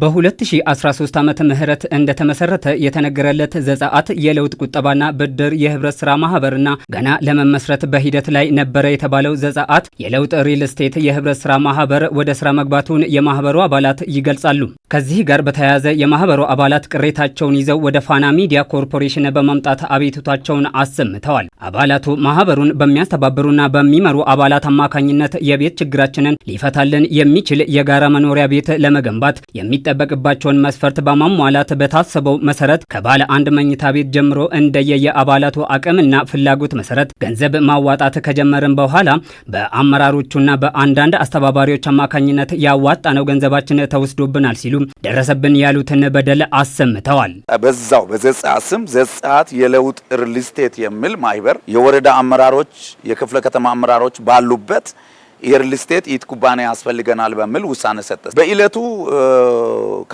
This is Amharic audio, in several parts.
በ2013 ዓመተ ምህረት እንደተመሰረተ የተነገረለት ዘጸአት የለውጥ ቁጠባና ብድር የህብረት ስራ ማህበርና ገና ለመመስረት በሂደት ላይ ነበረ የተባለው ዘጸአት የለውጥ ሪል ስቴት የህብረት ስራ ማህበር ወደ ስራ መግባቱን የማህበሩ አባላት ይገልጻሉ። ከዚህ ጋር በተያያዘ የማህበሩ አባላት ቅሬታቸውን ይዘው ወደ ፋና ሚዲያ ኮርፖሬሽን በመምጣት አቤቱታቸውን አሰምተዋል። አባላቱ ማህበሩን በሚያስተባብሩና በሚመሩ አባላት አማካኝነት የቤት ችግራችንን ሊፈታልን የሚችል የጋራ መኖሪያ ቤት ለመገንባት የሚ የሚጠበቅባቸውን መስፈርት በማሟላት በታሰበው መሰረት ከባለ አንድ መኝታ ቤት ጀምሮ እንደየየ አባላቱ አቅምና ፍላጎት መሰረት ገንዘብ ማዋጣት ከጀመርን በኋላ በአመራሮቹና በአንዳንድ አስተባባሪዎች አማካኝነት ነው ገንዘባችን ተወስዶብናል ሲሉ ደረሰብን ያሉትን በደል አሰምተዋል። በዛው በዘፀአት ስም ዘፀአት የለውጥ ሪልስቴት የሚል ማህበር የወረዳ አመራሮች፣ የክፍለ ከተማ አመራሮች ባሉበት የሪል ስቴት ኢት ኩባንያ ያስፈልገናል በሚል ውሳኔ ሰጠ። በእለቱ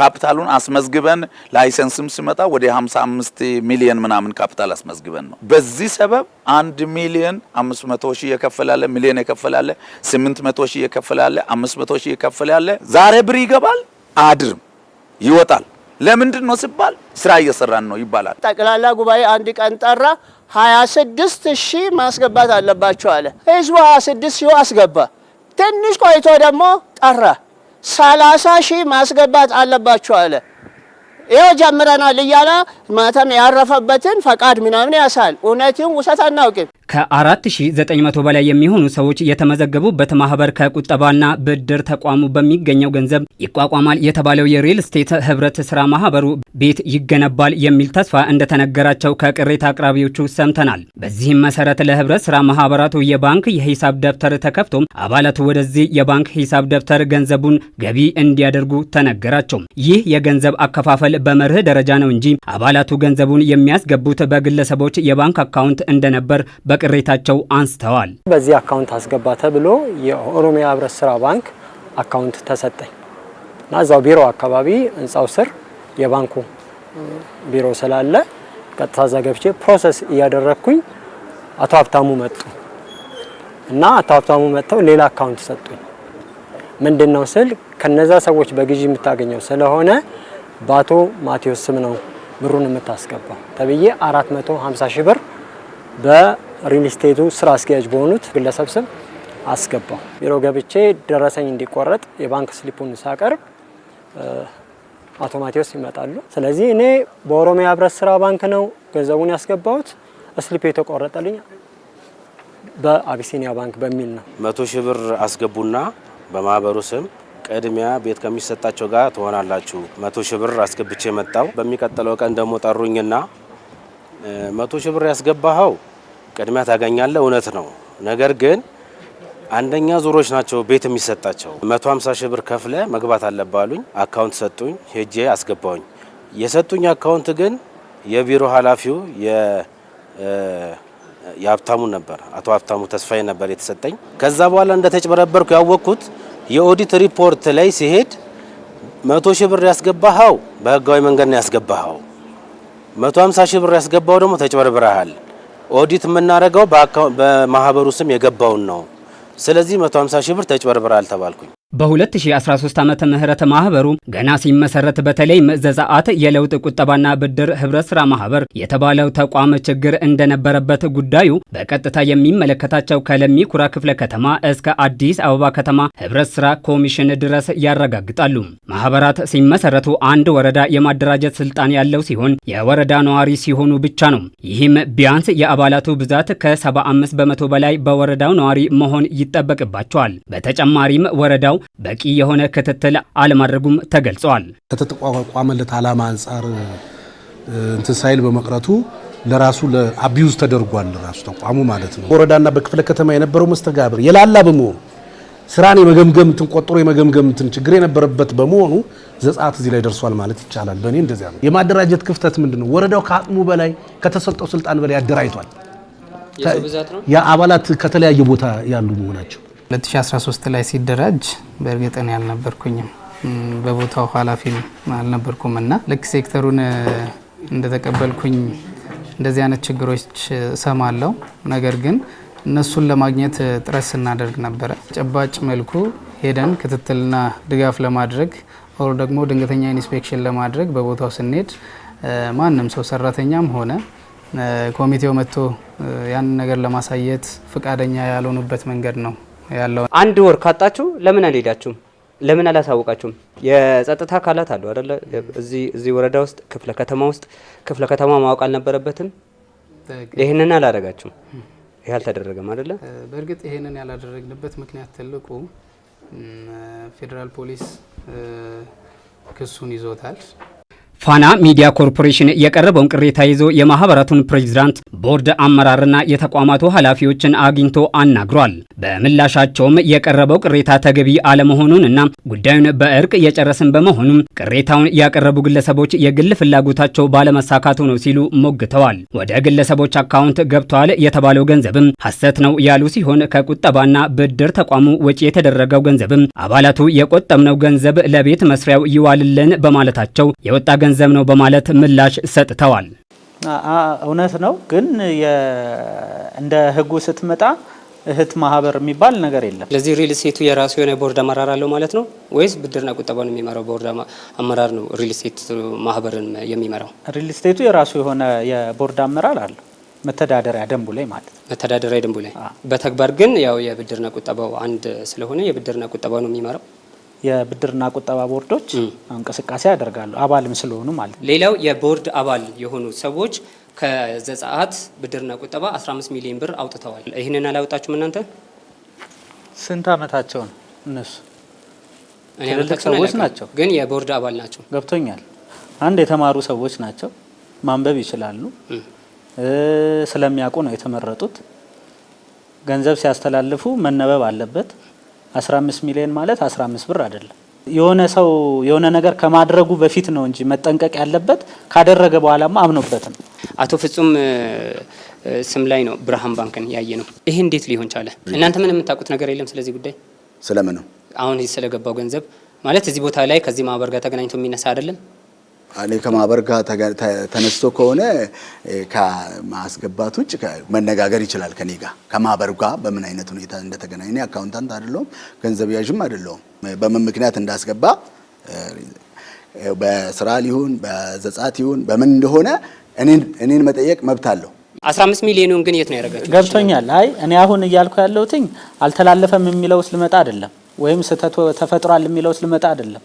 ካፒታሉን አስመዝግበን ላይሰንስም ሲመጣ ወደ 55 ሚሊዮን ምናምን ካፒታል አስመዝግበን ነው። በዚህ ሰበብ አንድ ሚሊዮን 500 ሺህ የከፈላለ ሚሊዮን የከፈላለ 800 ሺህ የከፈላለ 500 ሺህ የከፈላለ ዛሬ ብር ይገባል አድርም ይወጣል። ለምንድን ነው ሲባል ስራ እየሰራን ነው ይባላል። ጠቅላላ ጉባኤ አንድ ቀን ጠራ። 26 ሺህ ማስገባት አለባቸው አለ። ህዝቡ 26 ሺህ አስገባ። ትንሽ ቆይቶ ደግሞ ጠራ። ሰላሳ ሺህ ማስገባት አለባችሁ አለ። ይኸው ጀምረናል እያለ ማተም ያረፈበትን ፈቃድ ምናምን ያሳል። እውነትን ውሰት አናውቅም። ከ4900 በላይ የሚሆኑ ሰዎች የተመዘገቡበት ማህበር ከቁጠባና ብድር ተቋሙ በሚገኘው ገንዘብ ይቋቋማል የተባለው የሪል ስቴት ህብረት ስራ ማህበሩ ቤት ይገነባል የሚል ተስፋ እንደተነገራቸው ከቅሬታ አቅራቢዎቹ ሰምተናል። በዚህም መሰረት ለህብረት ስራ ማህበራቱ የባንክ የሂሳብ ደብተር ተከፍቶ አባላቱ ወደዚህ የባንክ ሂሳብ ደብተር ገንዘቡን ገቢ እንዲያደርጉ ተነገራቸው። ይህ የገንዘብ አከፋፈል በመርህ ደረጃ ነው እንጂ አባላቱ ገንዘቡን የሚያስገቡት በግለሰቦች የባንክ አካውንት እንደነበር በ በቅሬታቸው አንስተዋል። በዚህ አካውንት አስገባ ተብሎ የኦሮሚያ ህብረት ስራ ባንክ አካውንት ተሰጠኝ እና እዛው ቢሮ አካባቢ ህንፃው ስር የባንኩ ቢሮ ስላለ ቀጥታ ዘገብቼ ፕሮሰስ እያደረግኩኝ አቶ ሀብታሙ መጡ እና አቶ ሀብታሙ መጥተው ሌላ አካውንት ሰጡኝ። ምንድን ነው ስል ከነዛ ሰዎች በግዢ የምታገኘው ስለሆነ በአቶ ማቴዎስ ስም ነው ብሩን የምታስገባው ተብዬ 450 ሺህ ብር በ ሪል ስቴቱ ስራ አስኪያጅ በሆኑት ግለሰብ ስም አስገባው። ቢሮ ገብቼ ደረሰኝ እንዲቆረጥ የባንክ ስሊፑን ሳቀርብ አቶ ማቴዎስ ይመጣሉ። ስለዚህ እኔ በኦሮሚያ ህብረት ስራ ባንክ ነው ገንዘቡን ያስገባሁት፣ ስሊፕ የተቆረጠልኝ በአቢሲኒያ ባንክ በሚል ነው። መቶ ሺህ ብር አስገቡና በማህበሩ ስም ቅድሚያ ቤት ከሚሰጣቸው ጋር ትሆናላችሁ። መቶ ሺህ ብር አስገብቼ መጣው። በሚቀጥለው ቀን ደግሞ ጠሩኝና መቶ ሺህ ብር ያስገባኸው ቅድሚያ ታገኛለህ። እውነት ነው። ነገር ግን አንደኛ ዙሮች ናቸው ቤት የሚሰጣቸው። 150 ሺህ ብር ከፍለ መግባት አለባሉኝ። አካውንት ሰጡኝ፣ ሄጄ አስገባውኝ። የሰጡኝ አካውንት ግን የቢሮ ኃላፊው የሀብታሙ ነበር፣ አቶ ሀብታሙ ተስፋዬ ነበር የተሰጠኝ። ከዛ በኋላ እንደተጭበረበርኩ ያወቅኩት የኦዲት ሪፖርት ላይ ሲሄድ መቶ ሺህ ብር ያስገባኸው በህጋዊ መንገድ ነው ያስገባኸው፣ 150 ሺህ ብር ያስገባው ደግሞ ተጭበርብረሃል ኦዲት የምናደርገው በማህበሩ ስም የገባውን ነው። ስለዚህ 150 ሺህ ብር ተጭበርብራል ተባልኩኝ። በ2013 ዓመተ ምህረት ማህበሩ ገና ሲመሰረት በተለይ ዘፀአት የለውጥ ቁጠባና ብድር ህብረት ስራ ማህበር የተባለው ተቋም ችግር እንደነበረበት ጉዳዩ በቀጥታ የሚመለከታቸው ከለሚ ኩራ ክፍለ ከተማ እስከ አዲስ አበባ ከተማ ህብረት ስራ ኮሚሽን ድረስ ያረጋግጣሉ። ማህበራት ሲመሰረቱ አንድ ወረዳ የማደራጀት ስልጣን ያለው ሲሆን የወረዳ ነዋሪ ሲሆኑ ብቻ ነው። ይህም ቢያንስ የአባላቱ ብዛት ከ75 በመቶ በላይ በወረዳው ነዋሪ መሆን ይጠበቅባቸዋል። በተጨማሪም ወረዳው በቂ የሆነ ክትትል አለማድረጉም ተገልጿል። ከተተቋቋመለት ዓላማ አንጻር እንትን ሳይል በመቅረቱ ለራሱ ለአቢዩዝ ተደርጓል። ለራሱ ተቋሙ ማለት ነው። ወረዳና በክፍለ ከተማ የነበረው መስተጋብር የላላ በመሆኑ ስራን የመገምገም እንትን ቆጥሮ የመገምገም እንትን ችግር የነበረበት በመሆኑ ዘጻት እዚህ ላይ ደርሷል ማለት ይቻላል። በእኔ እንደዚያ ነው። የማደራጀት ክፍተት ምንድን ነው? ወረዳው ከአቅሙ በላይ ከተሰጠው ስልጣን በላይ አደራጅቷል። የአባላት ከተለያየ ቦታ ያሉ መሆናቸው 2013 ላይ ሲደራጅ በእርግጥን ያልነበርኩኝም በቦታው ኃላፊም አልነበርኩም እና ልክ ሴክተሩን እንደተቀበልኩኝ እንደዚህ አይነት ችግሮች እሰማለሁ። ነገር ግን እነሱን ለማግኘት ጥረት ስናደርግ ነበረ። ጨባጭ መልኩ ሄደን ክትትልና ድጋፍ ለማድረግ ኦር ደግሞ ድንገተኛ ኢንስፔክሽን ለማድረግ በቦታው ስንሄድ ማንም ሰው ሰራተኛም ሆነ ኮሚቴው መጥቶ ያንን ነገር ለማሳየት ፈቃደኛ ያልሆኑበት መንገድ ነው ያለው። አንድ ወር ካጣችሁ ለምን አልሄዳችሁም? ለምን አላሳወቃችሁም? የጸጥታ አካላት አሉ አይደለ? እዚህ እዚህ ወረዳ ውስጥ ክፍለ ከተማ ውስጥ ክፍለ ከተማ ማወቅ አልነበረበትም። ይህንን አላደረጋችሁም። ይህ አልተደረገም አይደለ? በእርግጥ ይህንን ያላደረግንበት ምክንያት ትልቁ ፌዴራል ፖሊስ ክሱን ይዞታል። ፋና ሚዲያ ኮርፖሬሽን የቀረበውን ቅሬታ ይዞ የማህበራቱን ፕሬዚዳንት ቦርድ አመራርና የተቋማቱ ኃላፊዎችን አግኝቶ አናግሯል። በምላሻቸውም የቀረበው ቅሬታ ተገቢ አለመሆኑንና ጉዳዩን በእርቅ የጨረስን በመሆኑም ቅሬታውን ያቀረቡ ግለሰቦች የግል ፍላጎታቸው ባለመሳካቱ ነው ሲሉ ሞግተዋል። ወደ ግለሰቦች አካውንት ገብተዋል የተባለው ገንዘብም ሐሰት ነው ያሉ ሲሆን ከቁጠባና ብድር ተቋሙ ወጪ የተደረገው ገንዘብም አባላቱ የቆጠብነው ገንዘብ ለቤት መስሪያው ይዋልልን በማለታቸው የወጣ ገንዘብ ገንዘብ ነው በማለት ምላሽ ሰጥተዋል። እውነት ነው፣ ግን እንደ ህጉ ስትመጣ እህት ማህበር የሚባል ነገር የለም። ለዚህ ሪል ስቴቱ የራሱ የሆነ ቦርድ አመራር አለው ማለት ነው ወይስ ብድርና ቁጠባን የሚመራው ቦርድ አመራር ነው ሪል ስቴት ማህበርን የሚመራው? ሪል ስቴቱ የራሱ የሆነ የቦርድ አመራር አለው መተዳደሪያ ደንቡ ላይ ማለት ነው። መተዳደሪያ ደንቡ ላይ በተግባር ግን ያው የብድርና ቁጠባው አንድ ስለሆነ የብድርና ቁጠባ ነው የሚመራው የብድርና ቁጠባ ቦርዶች እንቅስቃሴ ያደርጋሉ አባልም ስለሆኑ ማለት ነው። ሌላው የቦርድ አባል የሆኑ ሰዎች ከዘጸአት ብድርና ቁጠባ 15 ሚሊዮን ብር አውጥተዋል። ይህንን አላወጣችሁም እናንተ? ስንት አመታቸው ነው እነሱ? ትልልቅ ሰዎች ናቸው፣ ግን የቦርድ አባል ናቸው። ገብቶኛል። አንድ የተማሩ ሰዎች ናቸው፣ ማንበብ ይችላሉ፣ ስለሚያውቁ ነው የተመረጡት። ገንዘብ ሲያስተላልፉ መነበብ አለበት። 15 ሚሊዮን ማለት 15 ብር አይደለም። የሆነ ሰው የሆነ ነገር ከማድረጉ በፊት ነው እንጂ መጠንቀቅ ያለበት ካደረገ በኋላማ ነው። አቶ ፍጹም ስም ላይ ነው ብርሃን ባንክን ያየ ነው። ይሄ እንዴት ሊሆን ቻለ? እናንተ ምን የምታውቁት ነገር የለም ስለዚህ ጉዳይ ስለምን አሁን ስለገባው ገንዘብ ማለት እዚህ ቦታ ላይ ከዚህ ማህበር ጋር ተገናኝቶ የሚነሳ አይደለም። እኔ ከማህበር ጋር ተነስቶ ከሆነ ከማስገባት ውጭ መነጋገር ይችላል። ከኔ ጋር ከማህበር ጋር በምን አይነት ሁኔታ እንደተገናኘ እኔ አካውንታንት አይደለሁም፣ ገንዘብ ያዥም አይደለሁም። በምን ምክንያት እንዳስገባ በስራ ሊሆን በዘጻት ይሁን በምን እንደሆነ እኔን መጠየቅ መብት አለው። 15 ሚሊዮኑን ግን የት ነው ያደረጋችሁ? ገብቶኛል። አይ እኔ አሁን እያልኩ ያለሁትኝ አልተላለፈም የሚለው ስልመጣ አይደለም፣ ወይም ስህተት ተፈጥሯል የሚለው ስልመጣ አይደለም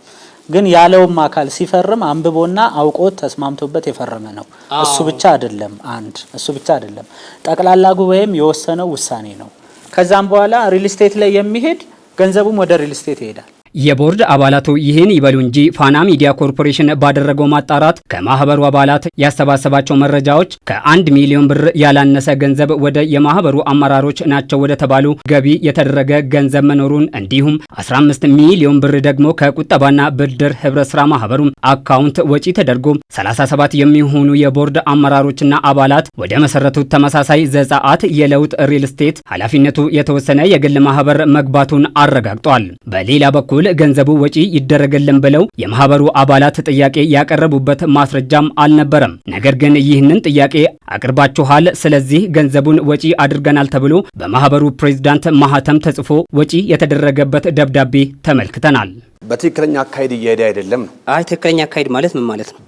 ግን ያለውም አካል ሲፈርም አንብቦና አውቆ ተስማምቶበት የፈረመ ነው። እሱ ብቻ አይደለም አንድ እሱ ብቻ አይደለም። ጠቅላላ ጉባኤም የወሰነው ውሳኔ ነው። ከዛም በኋላ ሪል ስቴት ላይ የሚሄድ ገንዘቡም ወደ ሪል ስቴት ይሄዳል። የቦርድ አባላቱ ይህን ይበሉ እንጂ ፋና ሚዲያ ኮርፖሬሽን ባደረገው ማጣራት ከማህበሩ አባላት ያሰባሰባቸው መረጃዎች ከአንድ ሚሊዮን ብር ያላነሰ ገንዘብ ወደ የማህበሩ አመራሮች ናቸው ወደ ተባሉ ገቢ የተደረገ ገንዘብ መኖሩን እንዲሁም 15 ሚሊዮን ብር ደግሞ ከቁጠባና ብድር ህብረት ስራ ማህበሩ አካውንት ወጪ ተደርጎ 37 የሚሆኑ የቦርድ አመራሮችና አባላት ወደ መሰረቱት ተመሳሳይ ዘጻአት የለውጥ ሪል ስቴት ኃላፊነቱ የተወሰነ የግል ማህበር መግባቱን አረጋግጧል። በሌላ በኩል በኩል ገንዘቡ ወጪ ይደረገልን ብለው የማህበሩ አባላት ጥያቄ ያቀረቡበት ማስረጃም አልነበረም። ነገር ግን ይህንን ጥያቄ አቅርባችኋል፣ ስለዚህ ገንዘቡን ወጪ አድርገናል ተብሎ በማህበሩ ፕሬዝዳንት ማህተም ተጽፎ ወጪ የተደረገበት ደብዳቤ ተመልክተናል። በትክክለኛ አካሄድ እየሄደ አይደለም አይ ትክክለኛ አካሄድ ማለት ምን ማለት ነው?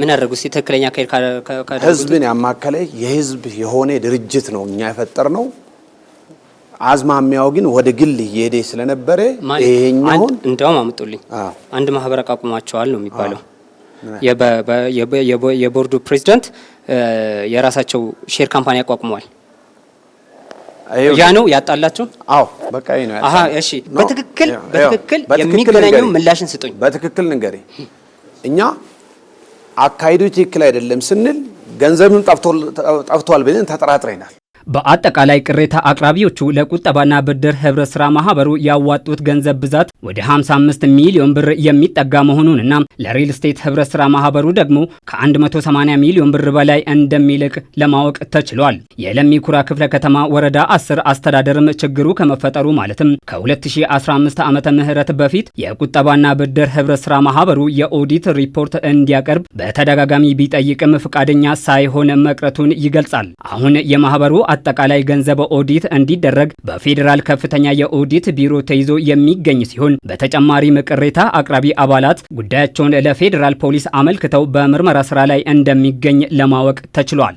ምን አደረጉ? ትክክለኛ አካሄድ ህዝብን ያማከለ የህዝብ የሆነ ድርጅት ነው እኛ የፈጠር ነው አዝማሚያው ግን ወደ ግል እየሄደ ስለነበረ ይሄኛውን እንደውም አምጡልኝ አንድ ማህበር አቋቁማቸዋል ነው የሚባለው። የቦርዱ ፕሬዚዳንት የራሳቸው ሼር ካምፓኒ አቋቁመዋል። ያ ነው ያጣላችሁ? አዎ በቃ ይሄ ነው። አሃ እሺ፣ በትክክል በትክክል የሚገናኘው ምላሽን ስጡኝ። በትክክል ንገሪ። እኛ አካሄዱ ትክክል አይደለም ስንል ገንዘብም ጠፍቷል ብለን ተጠራጥረናል። በአጠቃላይ ቅሬታ አቅራቢዎቹ ለቁጠባና ብድር ህብረት ስራ ማህበሩ ያዋጡት ገንዘብ ብዛት ወደ 55 ሚሊዮን ብር የሚጠጋ መሆኑንና ለሪል ስቴት ህብረት ስራ ማህበሩ ደግሞ ከ180 ሚሊዮን ብር በላይ እንደሚልቅ ለማወቅ ተችሏል። የለሚ ኩራ ክፍለ ከተማ ወረዳ 10 አስተዳደርም ችግሩ ከመፈጠሩ ማለትም ከ2015 ዓመተ ምህረት በፊት የቁጠባና ብድር ህብረት ስራ ማህበሩ የኦዲት ሪፖርት እንዲያቀርብ በተደጋጋሚ ቢጠይቅም ፈቃደኛ ሳይሆን መቅረቱን ይገልጻል። አሁን የማህበሩ አጠቃላይ ገንዘብ ኦዲት እንዲደረግ በፌዴራል ከፍተኛ የኦዲት ቢሮ ተይዞ የሚገኝ ሲሆን ተናግረዋል። በተጨማሪም ቅሬታ አቅራቢ አባላት ጉዳያቸውን ለፌዴራል ፖሊስ አመልክተው በምርመራ ስራ ላይ እንደሚገኝ ለማወቅ ተችሏል።